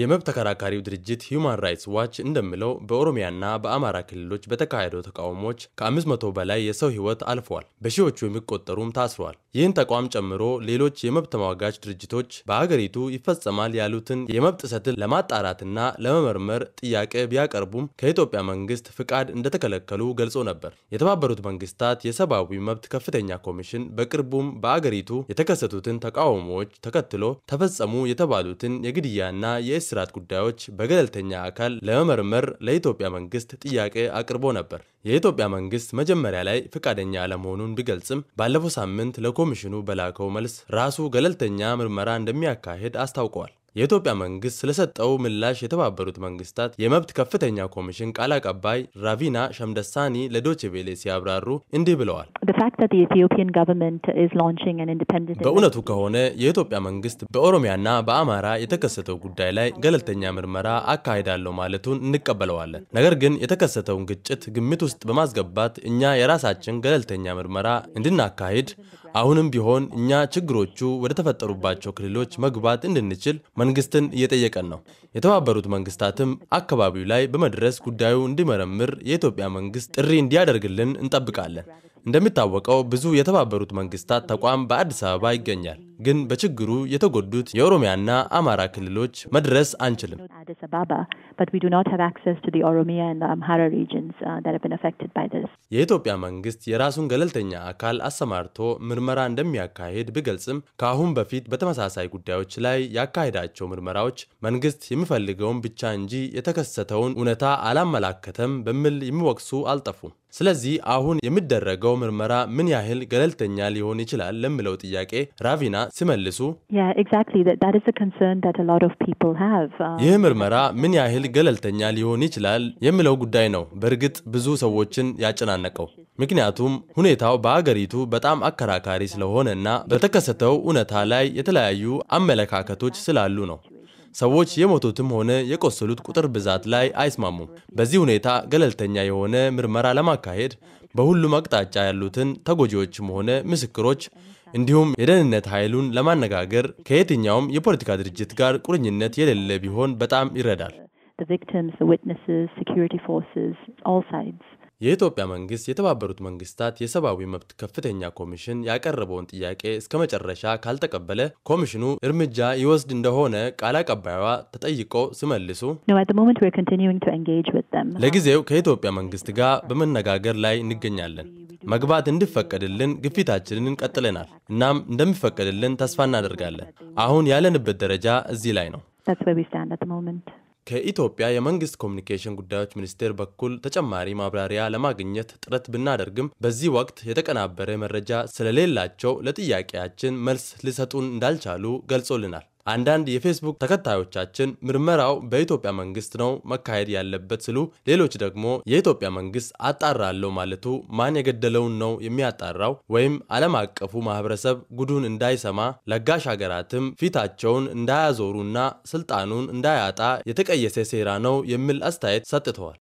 የመብት ተከራካሪው ድርጅት ሂዩማን ራይትስ ዋች እንደሚለው በኦሮሚያና በአማራ ክልሎች በተካሄደው ተቃውሞዎች ከ500 በላይ የሰው ሕይወት አልፏል፣ በሺዎቹ የሚቆጠሩም ታስሯል። ይህን ተቋም ጨምሮ ሌሎች የመብት ተሟጋች ድርጅቶች በሀገሪቱ ይፈጸማል ያሉትን የመብት ጥሰትን ለማጣራትና ለመመርመር ጥያቄ ቢያቀርቡም ከኢትዮጵያ መንግስት ፍቃድ እንደተከለከሉ ገልጾ ነበር። የተባበሩት መንግስታት የሰብአዊ መብት ከፍተኛ ኮሚሽን በቅርቡም በአገሪቱ የተከሰቱትን ተቃውሞዎች ተከትሎ ተፈጸሙ የተባሉትን የግድያና የእስ የስራት ጉዳዮች በገለልተኛ አካል ለመመርመር ለኢትዮጵያ መንግስት ጥያቄ አቅርቦ ነበር። የኢትዮጵያ መንግስት መጀመሪያ ላይ ፈቃደኛ አለመሆኑን ቢገልጽም ባለፈው ሳምንት ለኮሚሽኑ በላከው መልስ ራሱ ገለልተኛ ምርመራ እንደሚያካሄድ አስታውቀዋል። የኢትዮጵያ መንግስት ስለሰጠው ምላሽ የተባበሩት መንግስታት የመብት ከፍተኛ ኮሚሽን ቃል አቀባይ ራቪና ሸምደሳኒ ለዶቼ ቬሌ ሲያብራሩ እንዲህ ብለዋል። በእውነቱ ከሆነ የኢትዮጵያ መንግስት በኦሮሚያና በአማራ የተከሰተው ጉዳይ ላይ ገለልተኛ ምርመራ አካሂዳለሁ ማለቱን እንቀበለዋለን። ነገር ግን የተከሰተውን ግጭት ግምት ውስጥ በማስገባት እኛ የራሳችን ገለልተኛ ምርመራ እንድናካሂድ አሁንም ቢሆን እኛ ችግሮቹ ወደ ተፈጠሩባቸው ክልሎች መግባት እንድንችል መንግስትን እየጠየቀን ነው። የተባበሩት መንግስታትም አካባቢው ላይ በመድረስ ጉዳዩ እንዲመረምር የኢትዮጵያ መንግስት ጥሪ እንዲያደርግልን እንጠብቃለን። እንደሚታወቀው ብዙ የተባበሩት መንግስታት ተቋም በአዲስ አበባ ይገኛል። ግን በችግሩ የተጎዱት የኦሮሚያና አማራ ክልሎች መድረስ አንችልም። um, uh, የኢትዮጵያ መንግስት የራሱን ገለልተኛ አካል አሰማርቶ ምርመራ እንደሚያካሄድ ቢገልጽም ከአሁን በፊት በተመሳሳይ ጉዳዮች ላይ ያካሄዳቸው ምርመራዎች መንግስት የሚፈልገውን ብቻ እንጂ የተከሰተውን እውነታ አላመላከተም በሚል የሚወቅሱ አልጠፉም። ስለዚህ አሁን የሚደረገው ምርመራ ምን ያህል ገለልተኛ ሊሆን ይችላል ለምለው ጥያቄ ራቪና ሲመልሱ uh, ይህ ምርመራ ምን ያህል ገለልተኛ ሊሆን ይችላል የሚለው ጉዳይ ነው በእርግጥ ብዙ ሰዎችን ያጨናነቀው። ምክንያቱም ሁኔታው በአገሪቱ በጣም አከራካሪ ስለሆነና በተከሰተው እውነታ ላይ የተለያዩ አመለካከቶች ስላሉ ነው። ሰዎች የሞቱትም ሆነ የቆሰሉት ቁጥር ብዛት ላይ አይስማሙም። በዚህ ሁኔታ ገለልተኛ የሆነ ምርመራ ለማካሄድ በሁሉም አቅጣጫ ያሉትን ተጎጂዎችም ሆነ ምስክሮች እንዲሁም የደህንነት ኃይሉን ለማነጋገር ከየትኛውም የፖለቲካ ድርጅት ጋር ቁርኝነት የሌለ ቢሆን በጣም ይረዳል። የኢትዮጵያ መንግስት የተባበሩት መንግስታት የሰብአዊ መብት ከፍተኛ ኮሚሽን ያቀረበውን ጥያቄ እስከ መጨረሻ ካልተቀበለ ኮሚሽኑ እርምጃ ይወስድ እንደሆነ ቃል አቀባይዋ ተጠይቆ ሲመልሱ ለጊዜው ከኢትዮጵያ መንግስት ጋር በመነጋገር ላይ እንገኛለን። መግባት እንዲፈቀድልን ግፊታችንን ቀጥለናል። እናም እንደሚፈቀድልን ተስፋ እናደርጋለን። አሁን ያለንበት ደረጃ እዚህ ላይ ነው። ከኢትዮጵያ የመንግስት ኮሚኒኬሽን ጉዳዮች ሚኒስቴር በኩል ተጨማሪ ማብራሪያ ለማግኘት ጥረት ብናደርግም በዚህ ወቅት የተቀናበረ መረጃ ስለሌላቸው ለጥያቄያችን መልስ ሊሰጡን እንዳልቻሉ ገልጾልናል። አንዳንድ የፌስቡክ ተከታዮቻችን ምርመራው በኢትዮጵያ መንግስት ነው መካሄድ ያለበት ስሉ፣ ሌሎች ደግሞ የኢትዮጵያ መንግስት አጣራለሁ ማለቱ ማን የገደለውን ነው የሚያጣራው ወይም ዓለም አቀፉ ማህበረሰብ ጉዱን እንዳይሰማ ለጋሽ ሀገራትም ፊታቸውን እንዳያዞሩና ስልጣኑን እንዳያጣ የተቀየሰ ሴራ ነው የሚል አስተያየት ሰጥተዋል።